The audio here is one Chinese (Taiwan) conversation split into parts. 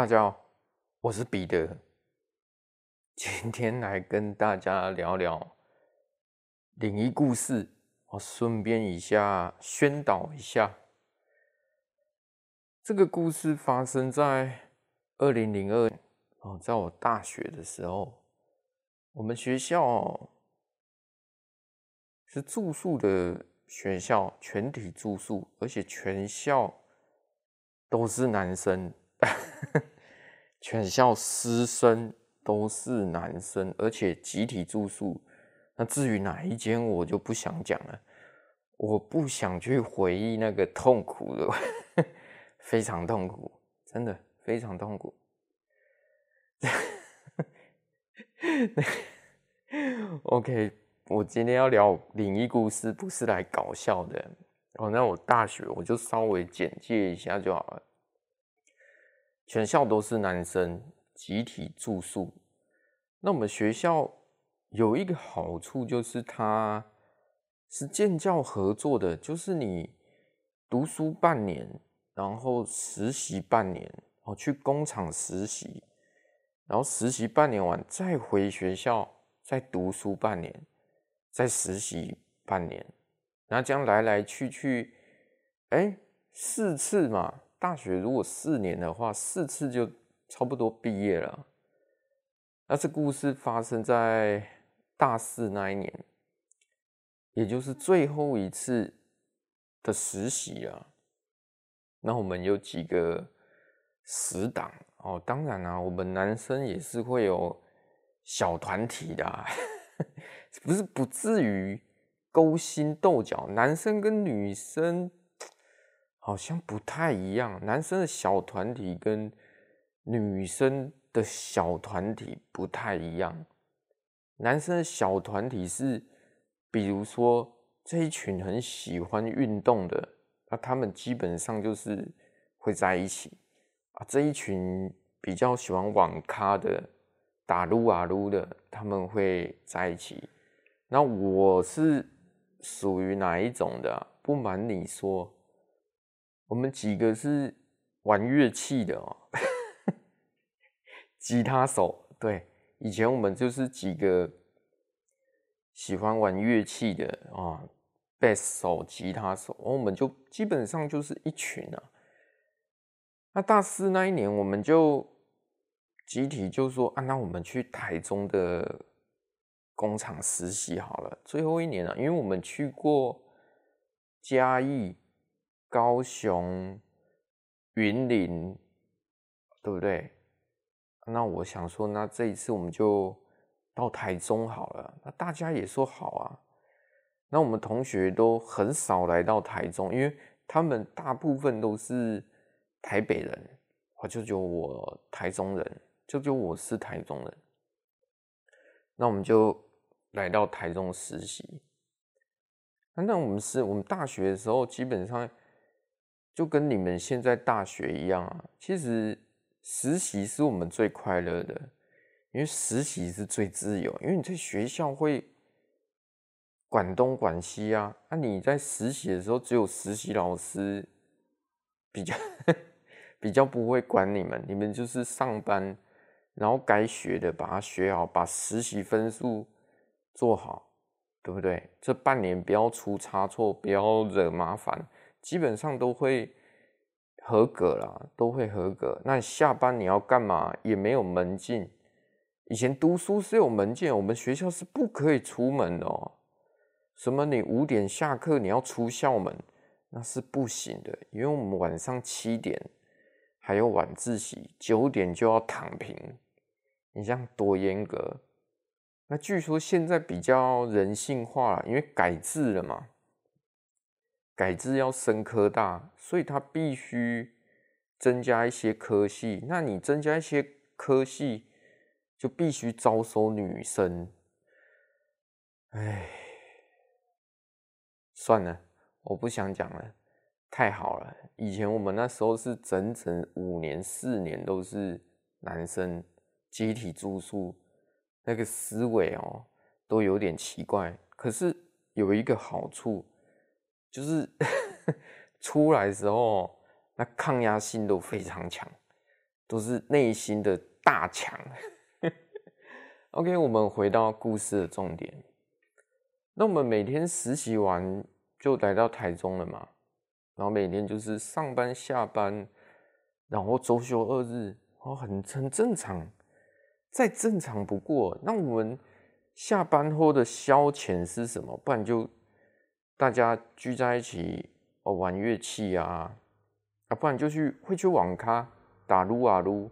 大家好，我是彼得。今天來跟大家聊聊靈異故事。我順便一下宣導一下，這個故事發生在二零零二年哦，在我大學的時候，我們學校是住宿的學校，全體住宿，而且全校都是男生。 全校師生都是男生，而且集體住宿。那至於哪一間，我就不想講了。我不想去回憶那個痛苦了， 非常痛苦，真的非常痛苦。 OK，我今天要聊靈異故事，不是來搞笑的。哦，oh，那我大學我就稍微簡介一下就好了。全校都是男生，集體住宿。那我們學校有一個好處，就是他是建教合作的，就是你讀書半年，然後實習半年，哦，去工廠實習，然後實習半年完再回學校再讀書半年，再實習半年，然後這樣來來去去，哎，四次嘛。大學如果四年的話，四次就差不多畢業了。那這故事發生在大四那一年，也就是最後一次的實習了。那我們有幾個死黨哦，當然啊，我們男生也是會有小團體的、啊， 不是不至於勾心鬥角，男生跟女生。好像不太一樣，男生的小團體跟女生的小團體不太一樣。男生的小團體是，比如說這一群很喜歡運動的，那他們基本上就是會在一起。啊，這一群比較喜歡網咖的、打擼啊擼的，他們會在一起。那我是屬於哪一種的啊？不瞞你說。我們幾個是玩樂器的哦、喔，吉他手。對，以前我們就是幾個喜歡玩樂器的啊，貝斯手、吉他手。我們就基本上就是一群啊。那大四那一年，我們就集體就說啊，那我們去台中的工廠實習好了。最後一年啊，因為我們去過嘉義。高雄、雲林，對不對？那我想說，那這一次我們就到台中好了。那大家也說好啊。那我們同學都很少來到台中，因為他們大部分都是台北人。我就就我台中人，就就我是台中人。那我們就來到台中實習。那那我們是我們大學的時候基本上。就跟你們現在大學一樣啊，其實實習是我們最快樂的，因為實習是最自由，因為你在學校會管東管西啊，那、啊、你在實習的時候，只有實習老師比較呵呵比較不會管你們，你們就是上班，然後該學的把它學好，把實習分數做好，對不對？這半年不要出差錯，不要惹麻煩。基本上都會合格了，都會合格。那你下班你要幹嘛？也沒有門禁。以前讀書是有門禁，我們學校是不可以出門的哦。什麼？你五點下課你要出校門，那是不行的，因為我們晚上七點還有晚自習，九點就要躺平。你這樣多嚴格？那據說現在比較人性化啦，因為改制了嘛。改制要升科大，所以他必須增加一些科系。那你增加一些科系，就必須招收女生。哎，算了，我不想講了。太好了，以前我們那時候是整整五年四年都是男生集體住宿，那個思維哦、喔、都有點奇怪。可是有一個好處。就是 出來的時候，那抗壓性都非常強，都是內心的大強。 OK，我們回到故事的重點。那我們每天實習完就來到台中了嘛，然後每天就是上班下班，然後周休二日，然後很很正常，再正常不過。那我們下班後的消遣是什麼？不然就。大家聚在一起哦，玩樂器啊，啊，不然就去會去網咖打擼啊擼，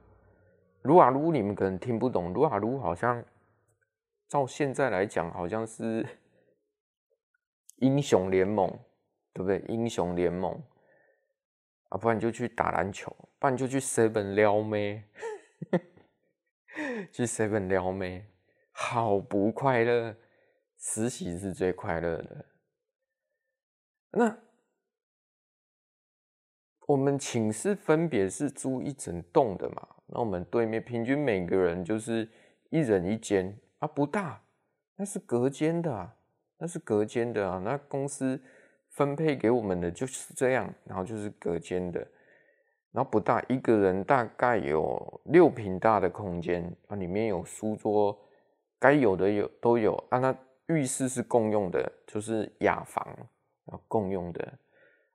擼啊擼，你們可能聽不懂，擼啊擼好像照現在來講，好像是英雄聯盟，對不對？英雄聯盟啊，不然就去打籃球，不然就去 seven 撩妹， 去 seven 撩妹，好不快樂，實習是最快樂的。那我們寢室分別是租一整棟的嘛？那我們對面平均每個人就是一人一間啊，不大，那是隔間的啊，那是隔間的啊。那公司分配給我們的就是這樣，然後就是隔間的，然後不大，一個人大概有六坪大的空間啊，裡面有書桌，該有的有都有啊。那浴室是共用的，就是雅房。共用的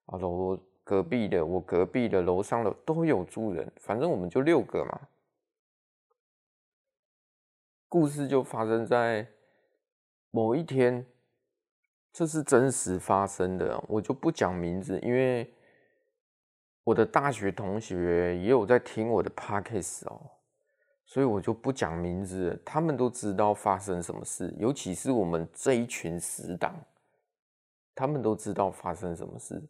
啊，樓隔壁的，我隔壁的樓上的都有住人，反正我們就六個嘛。故事就發生在某一天，這是真實發生的，我就不講名字，因為我的大學同學也有在聽我的 podcast 哦，所以我就不講名字，他們都知道發生什麼事，尤其是我們這一群死黨。他們都知道發生什麼事。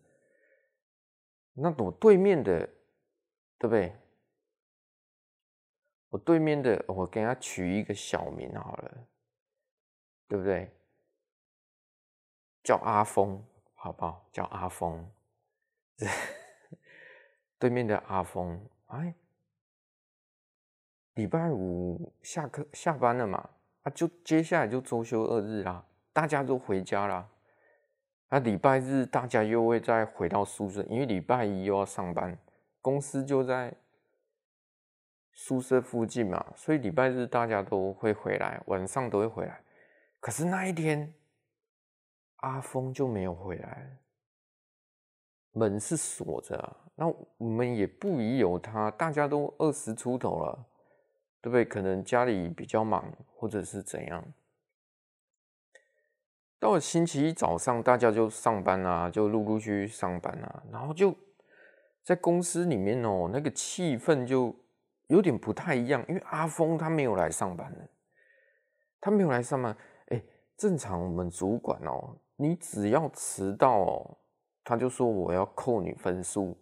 那我對面的，對不對？我對面的，我給他取一個小名好了，對不對？叫阿峰，好不好？叫阿峰。 對面的阿峰，哎，禮拜五下課下班了嘛？啊，就接下來就周休二日啦，大家都回家啦。那禮拜日大家又會再回到宿舍，因為禮拜一又要上班，公司就在宿舍附近嘛，所以禮拜日大家都會回來，晚上都會回來。可是那一天，阿峰就沒有回來，門是鎖着啊。那我們也不疑有他，大家都二十出頭了，對不對？可能家裡比較忙，或者是怎樣。到了星期一早上，大家就上班啊，就陸陸續續上班啊，然後就在公司裡面哦、喔，那個氣氛就有點不太一樣，因為阿峰他沒有來上班，他沒有來上班。哎、欸，正常我們主管哦、喔，你只要遲到，喔，他就說我要扣你分數，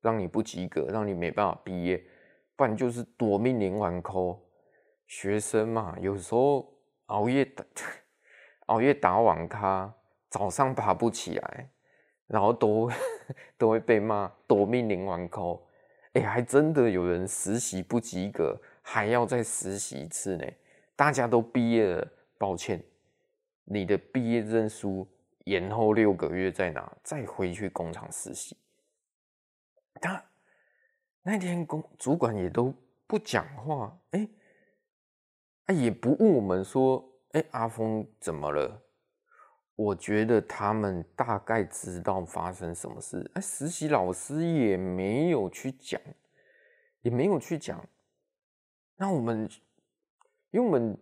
讓你不及格，讓你沒辦法畢業，不然就是奪命連環扣。學生嘛，有時候熬夜的。熬夜打網咖，早上爬不起來，然後都都會被罵，奪命連環 call。哎、欸，還真的有人實習不及格，還要再實習一次呢。大家都畢業了，抱歉，你的畢業證書延後六個月再拿，再回去工廠實習。他那天公主管也都不講話，哎、欸，他也不問我們說。欸，阿峰怎麼了？我覺得他們大概知道發生什麼事。欸，實習老師也沒有去講，也沒有去講。那我們，因為我們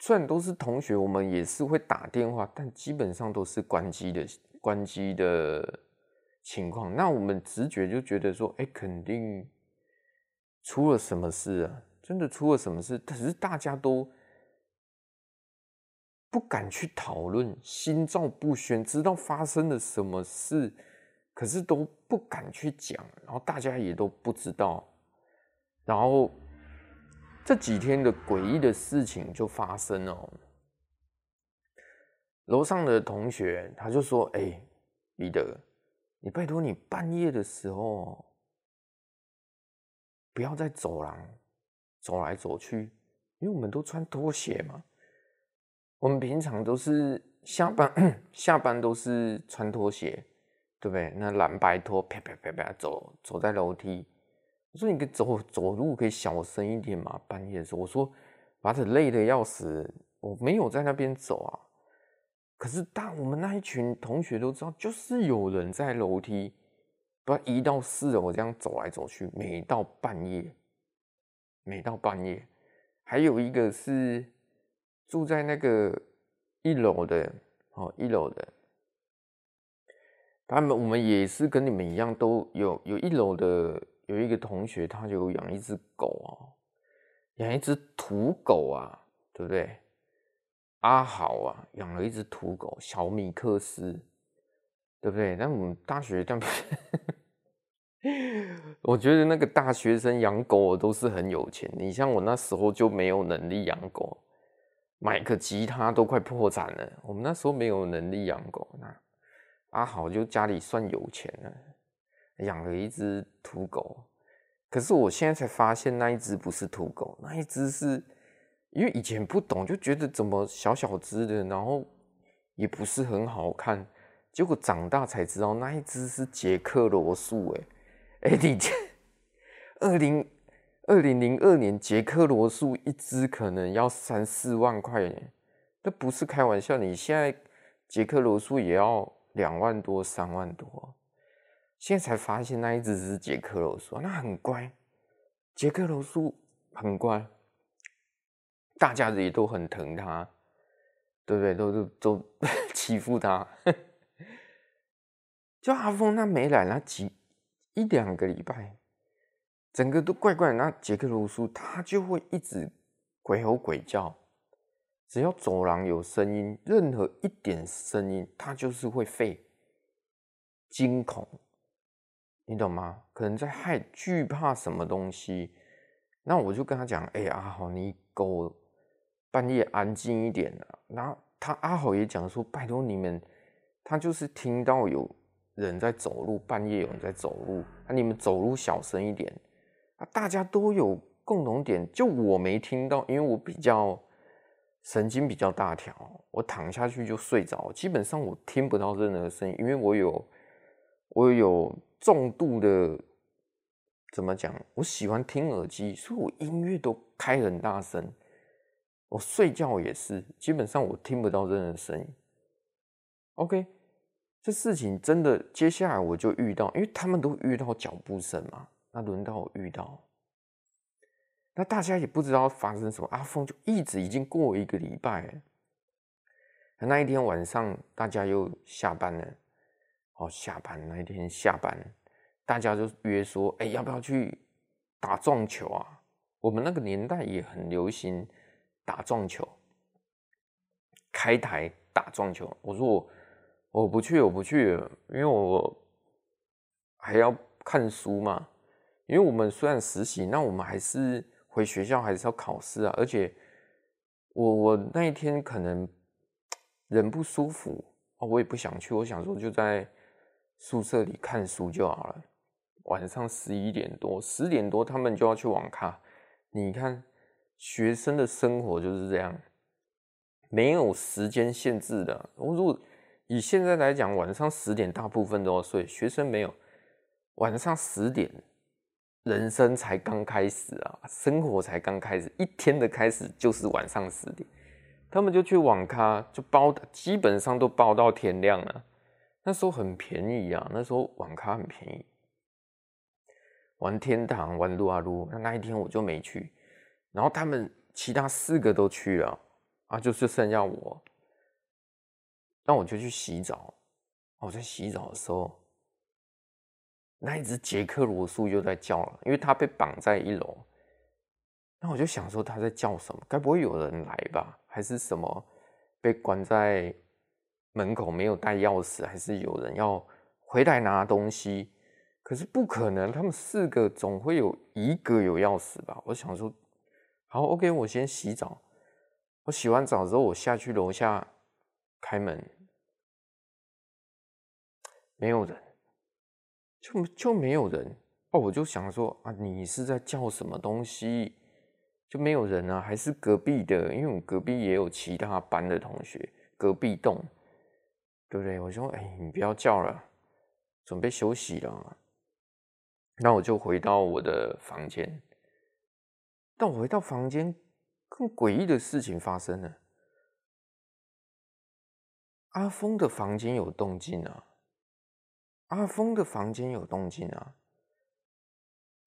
雖然都是同學，我們也是會打電話，但基本上都是關機的，關機的情況。那我們直覺就覺得說，欸，肯定出了什麼事啊！真的出了什麼事？可是大家都。不敢去討論，心照不宣，知道發生了什麼事，可是都不敢去講，然後大家也都不知道。然後這幾天的詭異的事情就發生了、哦。樓上的同學他就說：“哎、欸，彼得，你拜託你半夜的時候，不要在走廊走來走去，因為我們都穿拖鞋嘛。”我們平常都是下班， 下班都是穿拖鞋，對不對？那藍白拖，啪啪啪啪走，走在樓梯。我說你可走走路可以小聲一點嘛，半夜的時候。我說把他累得要死，我沒有在那邊走啊。可是，但我們那一群同學都知道，就是有人在樓梯，不要一到四樓我這樣走來走去，每到半夜，每到半夜，還有一個是。住在那個一樓的哦，一樓的，他們，我們也是跟你們一樣，都有，有一樓的有一個同學，他就養一只狗哦、喔，養一只土狗啊，對不對？阿豪啊，養了一只土狗，小米克斯，對不對？但我們大學，但 我覺得那個大學生養狗，我都是很有錢。你像我那時候就沒有能力養狗。買個吉他都快破產了。我們那時候沒有能力養狗，那阿豪就家裡算有錢了，養了一只土狗。可是我現在才發現，那一只不是土狗，那一只是因為以前不懂，就覺得怎麼小小只的，然後也不是很好看。結果長大才知道，那一只是傑克羅素。哎，哎，你這二零。二零零二年，傑克羅素一隻可能要三四萬塊錢，那不是開玩笑。你現在傑克羅素也要兩萬多、三萬多。現在才發現那一隻是傑克羅素，那很乖。傑克羅素很乖，大家也都很疼他，對不對？都都都欺負他。就阿峰那沒來，那幾一兩個禮拜。整個都怪怪，那傑克羅素他就會一直鬼吼鬼叫，只要走廊有聲音，任何一點聲音，他就是會吠驚恐，你懂嗎？可能在害懼怕什麼東西。那我就跟他講，哎、欸、阿豪，你給半夜安靜一點、啊。那他阿豪也講說，拜託你們，他就是聽到有人在走路，半夜有人在走路，那你們走路小聲一點。啊，大家都有共同點，就我沒聽到，因為我比較神經比較大條，我躺下去就睡着，基本上我聽不到任何聲音，因為我有我有重度的怎麼講？我喜歡聽耳機，所以我音樂都開很大聲，我睡覺也是，基本上我聽不到任何聲音。OK，這事情真的，接下來我就遇到，因為他們都遇到腳步聲嘛。那輪到我遇到，那大家也不知道發生什麼，阿峰就一直已經過一個禮拜了。那一天晚上，大家又下班了，哦，下班，那一天下班，大家就約說：“哎、欸，要不要去打撞球啊？”我們那個年代也很流行打撞球，開台打撞球。我說：“我不去，我不去，我不去，因為我還要看書嘛。”因為我們雖然實習，那我們還是回學校，還是要考試啊。而且我我那一天可能人不舒服啊，哦，我也不想去。我想說就在宿舍裡看書就好了。晚上十一點多，十點多他們就要去網咖。你看學生的生活就是這樣，沒有時間限制的。我如果以現在來講，晚上十點大部分都要睡，學生沒有，晚上十點。人生才剛開始啊，生活才剛開始，一天的開始就是晚上十點，他們就去網咖，就包的，基本上都包到天亮了。那時候很便宜啊，那時候網咖很便宜，玩天堂，玩擼啊擼。那一天我就沒去，然後他們其他四個都去了，啊，就是剩下我，那我就去洗澡。我，哦，在洗澡的時候。那一隻傑克羅素又在叫了，因為它被綁在一樓。那我就想說，它在叫什麼？該不會有人來吧？還是什麼被關在門口沒有帶鑰匙？還是有人要回來拿東西？可是不可能，他們四個總會有一個有鑰匙吧？我想說，好，OK，我先洗澡。我洗完澡之後，我下去樓下開門，沒有人。就就沒有人哦，我就想說啊，你是在叫什麼東西？就沒有人啊，還是隔壁的？因為我隔壁也有其他班的同學，隔壁棟，對不對？我說哎、欸，你不要叫了，準備休息了嘛。那我就回到我的房間，但我回到房間，更詭異的事情發生了，阿峰的房間有動靜啊。阿、啊、峰的房間有動靜啊，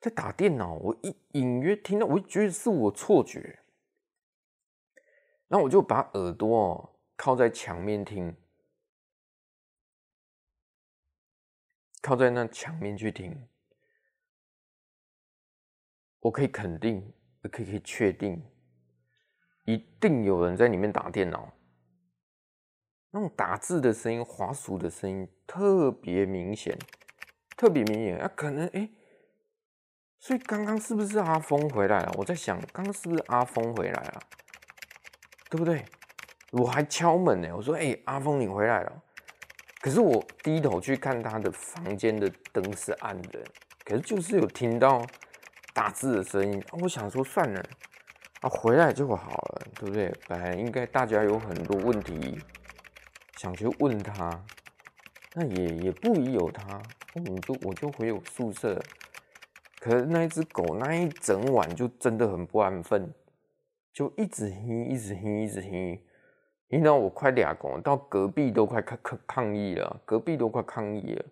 在打電腦。我隱隱約聽到，我覺得是我錯覺。那我就把耳朵靠在牆面聽，靠在那牆面去聽。我可以肯定，我可以可以確定，一定有人在裡面打電腦。那種打字的聲音、滑鼠的聲音特別明顯，特別明顯。那、啊、可能哎、欸，所以剛剛是不是阿峰回來了？我在想，剛剛是不是阿峰回來了？對不對？我還敲門呢、欸。我說哎、欸，阿峰你回來了。可是我低頭去看他的房間的燈是暗的，可是就是有聽到打字的聲音、啊。我想說算了，啊，回來就好了，對不對？本來應該大家有很多問題。想去問他，那也也不宜有他，我就我就回我宿舍了。可是那一只狗那一整晚就真的很不安分，就一直哼，一直哼，一直哼，哼到我快倆狗到隔壁都快抗抗抗議了，隔壁都快抗議了，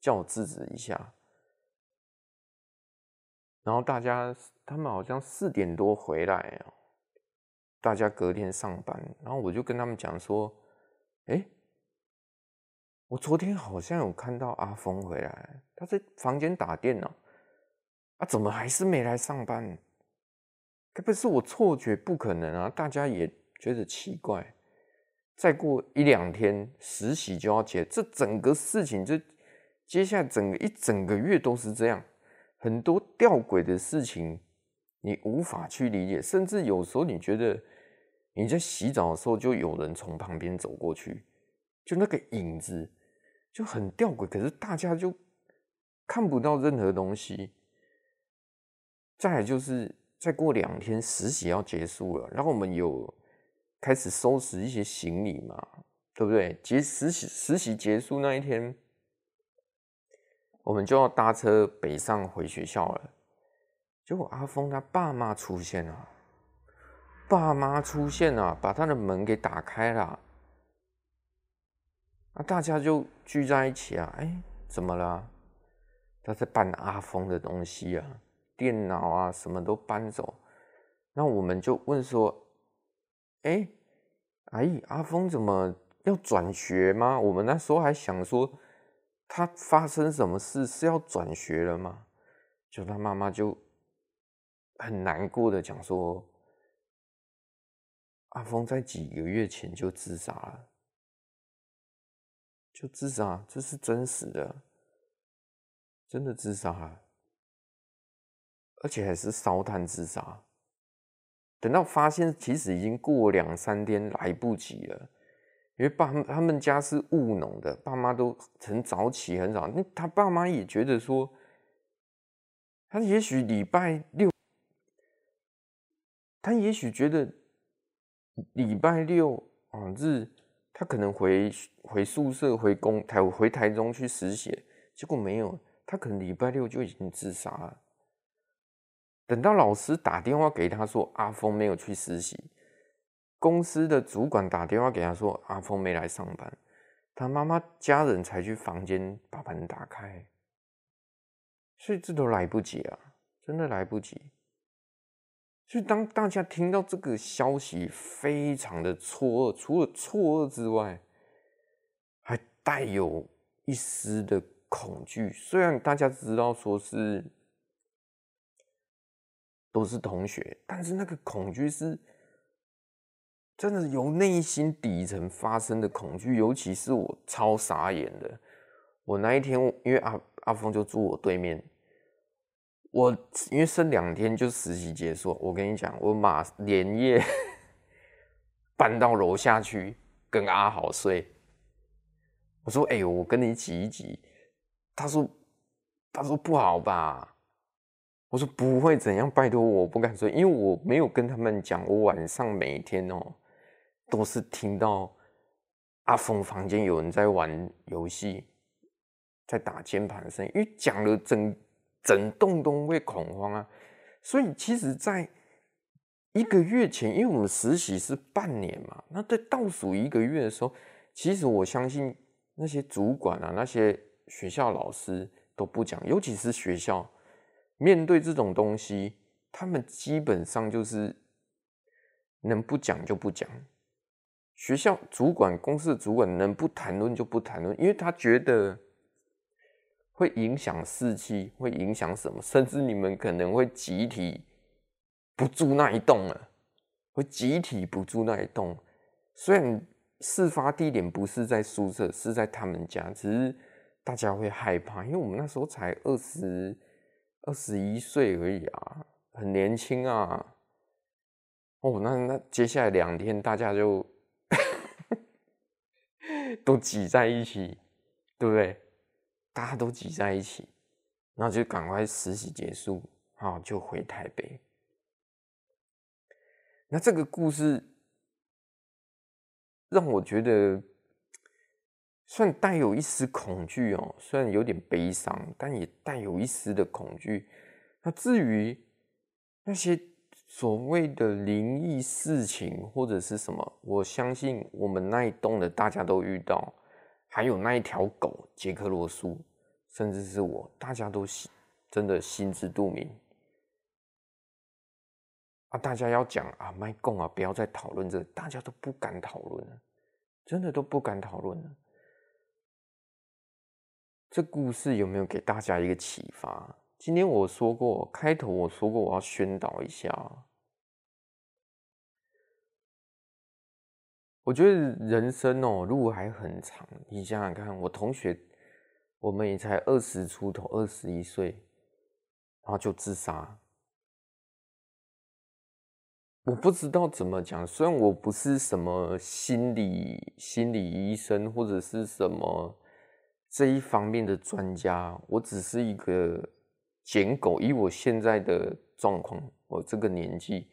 叫我制止一下。然後大家他們好像四點多回來，大家隔天上班，然後我就跟他們講說。哎，我昨天好像有看到阿峰回來，他在房間打電腦，啊，怎麼還是沒來上班？可不是我錯覺，不可能啊！大家也覺得奇怪。再過一兩天實習就要結，這整個事情，就接下來整個一整個月都是這樣，很多吊詭的事情，你無法去理解，甚至有時候你覺得。你在洗澡的時候，就有人從旁邊走過去，就那個影子就很吊詭，可是大家就看不到任何東西。再來就是再過兩天實習要結束了，然後我們有開始收拾一些行李嘛，對不對？結實習實習結束那一天，我們就要搭車北上回學校了。結果阿峰他爸媽出現了。爸媽出現了，啊，把他的門給打開了，啊，那大家就聚在一起啊，哎、欸，怎麼了？他在搬阿峰的東西啊，電腦啊，什麼都搬走。那我們就問說，哎，阿姨，阿峰怎麼要轉學嗎？我們那時候還想說，他發生什麼事是要轉學了嗎？就他媽媽就很難過的講說。阿峰在幾個月前就自殺了，就自殺，這是真實的，真的自殺啊，而且還是燒炭自殺。等到發現，其實已經過兩三天，來不及了。因為爸他們家是務農的，爸媽都很早起，很早。那他爸媽也覺得說，他也許禮拜六，他也許覺得。禮拜六、嗯、日，他可能回回宿舍、回工台、回台中去實習，結果沒有。他可能禮拜六就已經自殺了。等到老師打電話給他說阿峰沒有去實習，公司的主管打電話給他說阿峰沒來上班，他媽媽家人才去房間把門打開，所以這都來不及啊，真的來不及。就當大家聽到這個消息，非常的錯愕，除了錯愕之外，還帶有一絲的恐懼。雖然大家知道說是都是同學，但是那個恐懼是真的由內心底層發生的恐懼。尤其是我超傻眼的，我那一天，因為阿阿峰就住我對面。我因為剩兩天就實習結束，我跟你講，我馬連夜 搬到樓下去跟阿豪睡。我說：“哎、欸、呦，我跟你擠一擠。”他說：“他說不好吧？”我說：“不會怎樣，拜託，我不敢睡，因為我沒有跟他們講。我晚上每一天哦、喔，都是聽到阿峰房間有人在玩遊戲，在打鍵盤的聲音，因為講了整。”整棟都會恐慌啊，所以其實，在一個月前，因為我們實習是半年嘛，那在倒數一個月的時候，其實我相信那些主管啊，那些學校老師都不講，尤其是學校面對這種東西，他們基本上就是能不講就不講。學校主管、公司的主管能不談論就不談論，因為他覺得。會影響士氣，會影響什麼？甚至你們可能會集體不住那一棟了啊，會集體不住那一棟。雖然事發地點不是在宿舍，是在他們家，只是大家會害怕，因為我們那時候才二十，二十一歲而已啊，很年輕啊。哦，那那接下來兩天大家就 都擠在一起，對不對？大家都擠在一起，那就趕快實習結束，好，就回台北。那這個故事讓我覺得，算帶有一絲恐懼哦、喔，雖然有點悲傷，但也帶有一絲的恐懼。那至於那些所謂的靈異事情或者是什麼，我相信我們那一棟的大家都遇到。還有那一條狗傑克羅素，甚至是我，大家都心真的心知肚明啊！大家要講啊，麥共啊，不要再討論這個，大家都不敢討論了，真的都不敢討論了。這故事有沒有給大家一個啟發？今天我說過，開頭我說過，我要宣導一下。我覺得人生哦、喔，路還很長。你想想看，我同學，我們也才二十出頭，二十一歲，然後就自殺。我不知道怎麼講，雖然我不是什麼心理心理醫生或者是什麼這一方面的專家，我只是一個撿狗。以我現在的狀況，我這個年紀。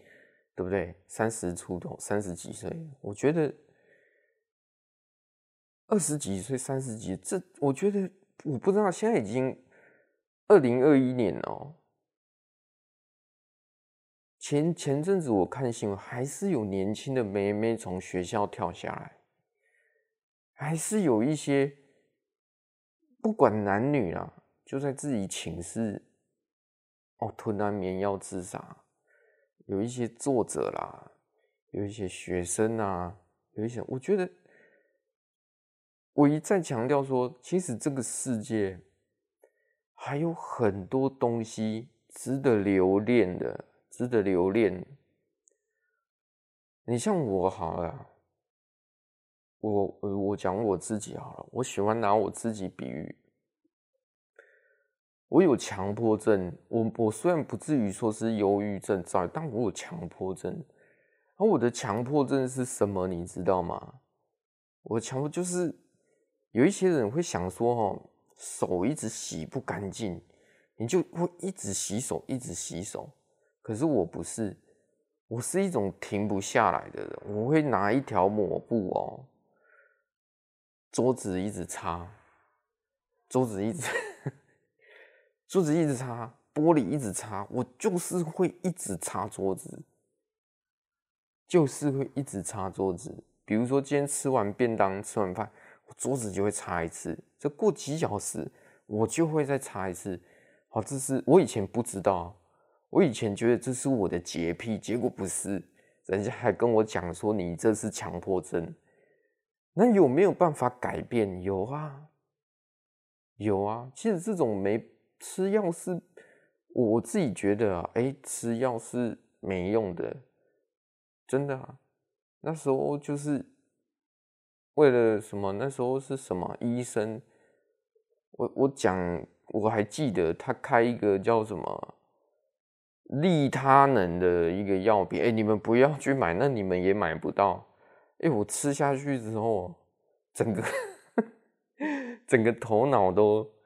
對不對？三十出頭，三十幾歲，我覺得二十幾歲、三十幾歲，這我覺得我不知道。現在已經二零二一年了哦，前前陣子我看新聞，還是有年輕的妹妹從學校跳下來，還是有一些不管男女啊，就在自己寢室哦吞安眠藥自殺。有一些作者啦，有一些學生啊，有一些，我覺得，我一再強調說，其實這個世界還有很多東西值得留戀的，值得留戀。你像我好了，我我講我自己好了，我喜歡拿我自己比喻。我有強迫症，我我雖然不至於說是憂鬱症，但我有強迫症。而、啊、我的強迫症是什麼，你知道嗎？我強迫就是有一些人會想說，哦，手一直洗不乾淨，你就會一直洗手，一直洗手。可是我不是，我是一種停不下來的人。我會拿一條抹布哦，桌子一直擦，桌子一直。 桌子一直擦，玻璃一直擦，我就是會一直擦桌子，就是會一直擦桌子。比如說今天吃完便當，吃完飯，我桌子就會擦一次。這過幾小時，我就會再擦一次。好，這是我以前不知道，我以前覺得這是我的潔癖，結果不是。人家還跟我講說你這是強迫症。那有沒有辦法改變？有啊，有啊。其實這種沒。吃藥是，我自己覺得啊，哎，吃藥是沒用的，真的啊。那時候就是為了什麼？那時候是什麼？醫生，我我講，我還記得他開一個叫什麼利他能的一個藥品，哎，你們不要去買，那你們也買不到。哎，我吃下去之後，整個 整個頭腦都。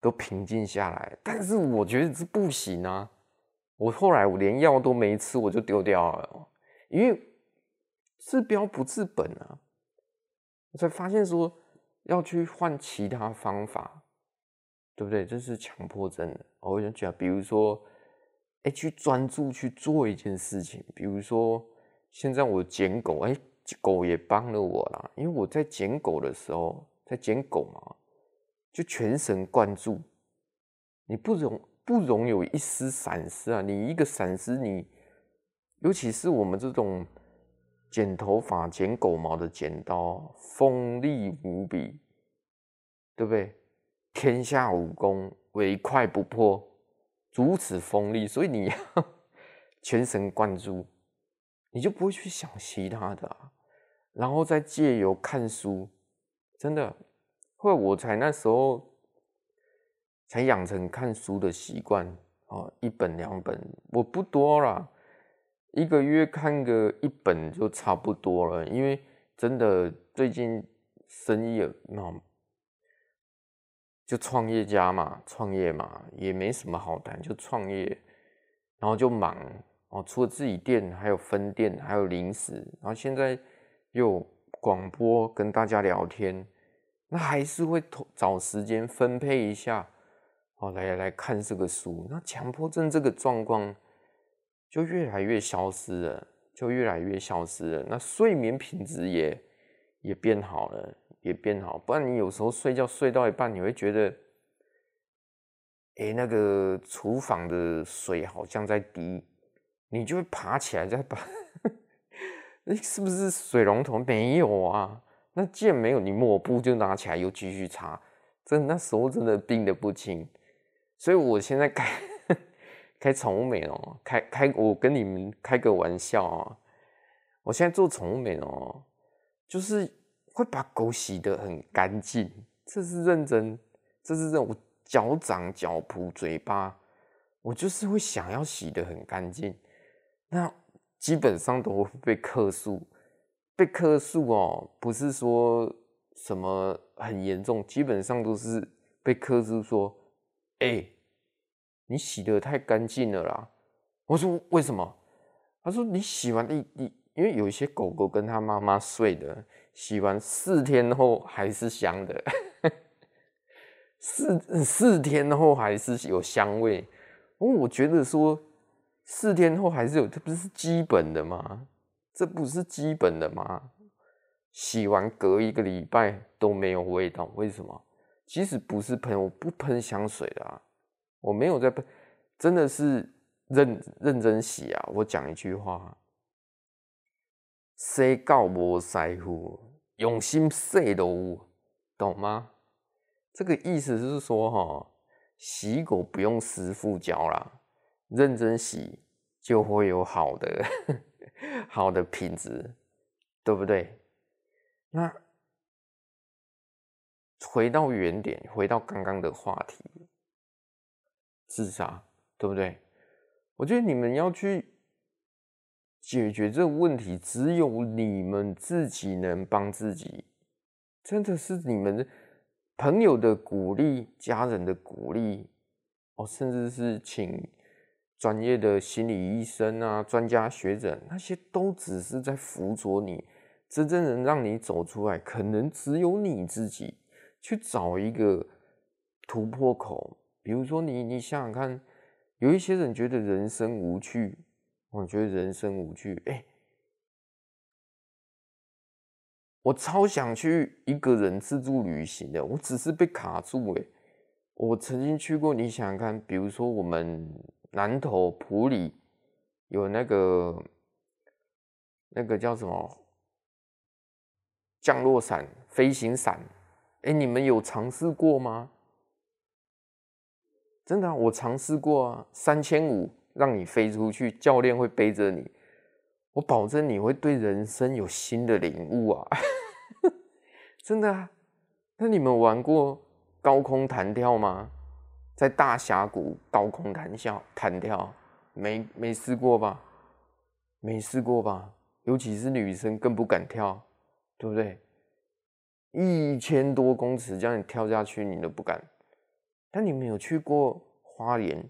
都平靜下來，但是我覺得是不行啊！我後來我連藥都沒吃，我就丟掉了，因為治標不治本啊！我才發現說要去換其他方法，對不對？這是強迫症，我就講，比如說，哎、欸，去專注去做一件事情，比如說現在我撿狗，哎、欸，狗也幫了我了，因為我在撿狗的時候，在撿狗嘛。就全神貫注，你不容不容有一絲閃失啊！你一個閃失你，你尤其是我們這種剪頭髮、剪狗毛的剪刀，鋒利無比，對不對？天下武功唯快不破，如此鋒利，所以你要全神貫注，你就不會去想其他的啊，然後再借由看書，真的。後來我才那時候才養成看書的習慣啊，一本兩本我不多啦，一個月看個一本就差不多了。因為真的最近生意啊，就創業家嘛，創業嘛也沒什麼好談，就創業，然後就忙哦。除了自己店，還有分店，還有零食，然後現在又廣播跟大家聊天。那還是會找時間分配一下，哦，來來看這個書。那強迫症這個狀況就越來越消失了，就越來越消失了。那睡眠品質也也變好了，也變好。不然你有時候睡覺睡到一半，你會覺得，哎，那個廚房的水好像在滴，你就會爬起來再把，是不是水龍頭沒有啊？那既然沒有，你抹布就拿起來又繼續擦，真那時候真的病得不輕，所以我現在開呵呵開寵物美容，開開我跟你們開個玩笑哦、啊，我現在做寵物美容，就是會把狗洗得很乾淨，這是認真，這是認我腳掌、腳蹼、嘴巴，我就是會想要洗得很乾淨，那基本上都會被客訴。被客訴哦，不是說什麼很嚴重，基本上都是被客訴說：“哎、欸，你洗得太乾淨了啦！”我說：“為什麼？”他說：“你洗完你因為有一些狗狗跟它媽媽睡的，洗完四天後還是香的， 四四天後還是有香味。”我我覺得說四天後還是有，這不是基本的嗎？這不是基本的嗎？洗完隔一個禮拜都沒有味道，為什麼？其實不是噴，我不噴香水的啊，我沒有在噴，真的是認認真洗啊。我講一句話，洗狗無師傅，用心洗都有，懂嗎？這個意思就是說哈，洗狗不用師傅教啦，認真洗就會有好的。 好的品質，對不對？那回到原點，回到剛剛的話題，自殺，對不對？我覺得你們要去解決這個問題，只有你們自己能幫自己。真的是你們的朋友的鼓勵、家人的鼓勵，哦，甚至是請。專業的心理醫生啊，專家學者那些都只是在輔佐你，真正能讓你走出來，可能只有你自己去找一個突破口。比如說你，你你想想看，有一些人覺得人生無趣，我覺得人生無趣，哎，欸，我超想去一個人自助旅行的，我只是被卡住了，欸。我曾經去過，你想想看，比如說我們。南投埔里有那個那個叫什麼降落傘、飛行傘？哎，你們有嘗試過嗎？真的啊，我嘗試過啊，三千五讓你飛出去，教練會背着你，我保證你會對人生有新的領悟啊！ 真的啊，那你們玩過高空彈跳嗎？在大峽谷高空彈跳、彈跳，沒沒試過吧？沒試過吧？尤其是女生更不敢跳，對不對？一千多公尺，叫你跳下去你都不敢。但你們有去過花蓮、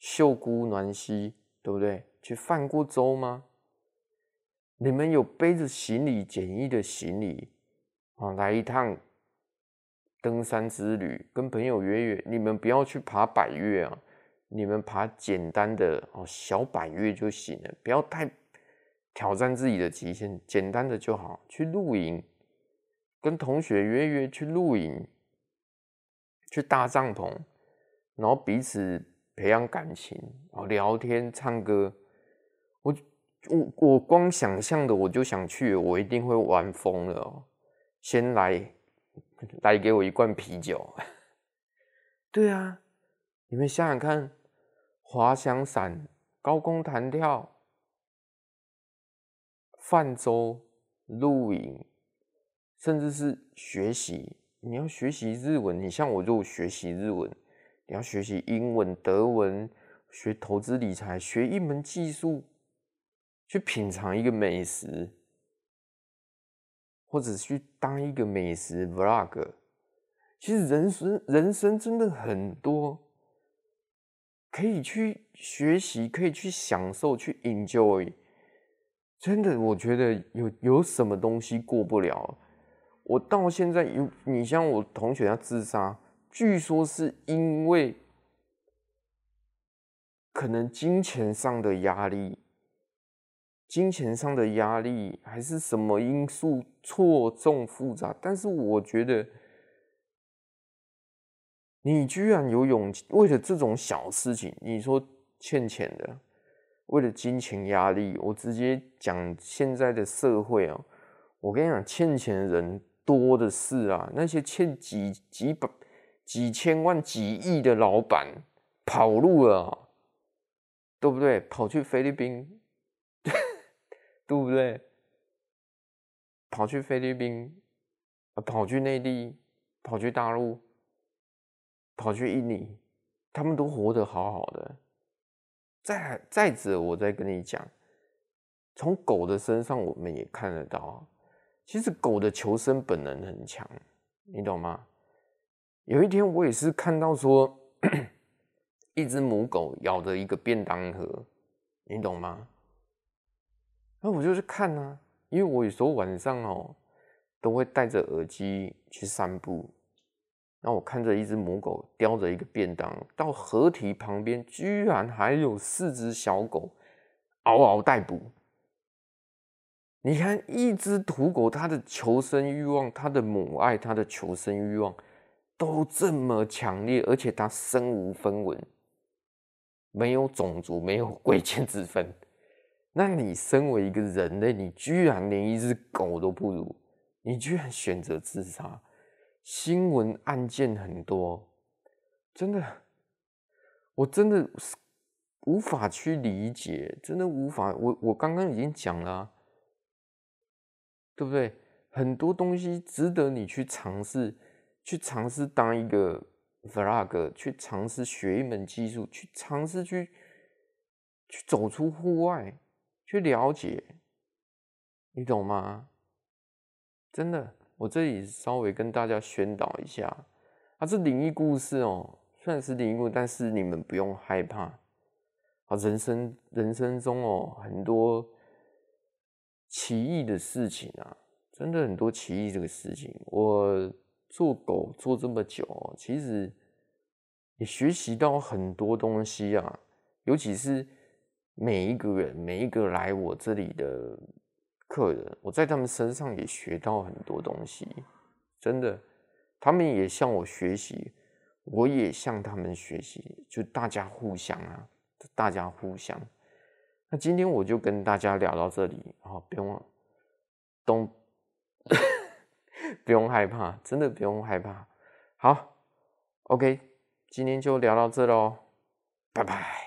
秀姑巒溪，對不對？去泛過舟嗎？你們有背着行李、簡易的行李啊，來一趟？登山之旅，跟朋友約約，你們不要去爬百岳啊，你們爬簡單的哦，小百岳就行了，不要太挑戰自己的極限，簡單的就好。去露營，跟同學約約去露營，去搭帳篷，然後彼此培養感情，然後聊天、唱歌。我我我光想象的我就想去，我一定會玩瘋了哦、喔。先來。來給我一罐啤酒。 對啊，你們想想看，滑翔傘、高空彈跳、泛舟、露營，甚至是學習。你要學習日文，你像我就學習日文，你要學習英文、德文，學投資理財，學一門技術，去品嘗一個美食。或者去當一個美食 vlog，其實人生人生真的很多，可以去學習，可以去享受，去 enjoy。真的，我覺得有有什麼東西過不了。我到現在有，你像我同學他自殺，據說是因為可能金錢上的壓力。金錢上的壓力還是什麼因素錯綜複雜，但是我覺得，你居然有勇氣為了這種小事情，你說欠錢的，為了金錢壓力，我直接講現在的社會啊、喔，我跟你講，欠錢的人多的是啊，那些欠幾幾百、幾千萬、幾億的老闆跑路了、喔，對不對？跑去菲律賓，對不對？跑去菲律賓，啊，跑去內地，跑去大陸，跑去印尼，他們都活得好好的。再再者，我再跟你講，從狗的身上我們也看得到啊。其實狗的求生本能很強，你懂嗎？有一天我也是看到說， 一只母狗咬着一個便當盒，你懂嗎？那我就去看啊，因為我有時候晚上哦，都會戴着耳機去散步。那我看着一隻母狗叼着一個便當到河堤旁邊，居然還有四隻小狗嗷嗷待哺。你看，一隻土狗，它的求生欲望、它的母愛、它的求生慾望都這麼強烈，而且它身無分文，沒有種族，沒有貴賤之分。那你身為一個人類，你居然連一只狗都不如，你居然選擇自殺，新聞案件很多，真的，我真的是無法去理解，真的無法。我我剛剛已經講了啊，對不對？很多東西值得你去嘗試，去嘗試當一個 vlog，去嘗試學一門技術，去嘗試去去走出戶外。去了解，你懂嗎？真的，我這裡稍微跟大家宣導一下，這是靈異故事哦，雖然是靈異故事，但是你們不用害怕。啊，人生人生中哦，很多奇異的事情啊，真的很多奇異這個事情。我做狗做這麼久，其實也學習到很多東西啊，尤其是。每一個人，每一個來我這裡的客人，我在他們身上也學到很多東西，真的。他們也向我學習，我也向他們學習，就大家互相啊，大家互相。那今天我就跟大家聊到這裡，好、哦，不用，都 不用害怕，真的不用害怕。好，OK，今天就聊到這嘍，拜拜。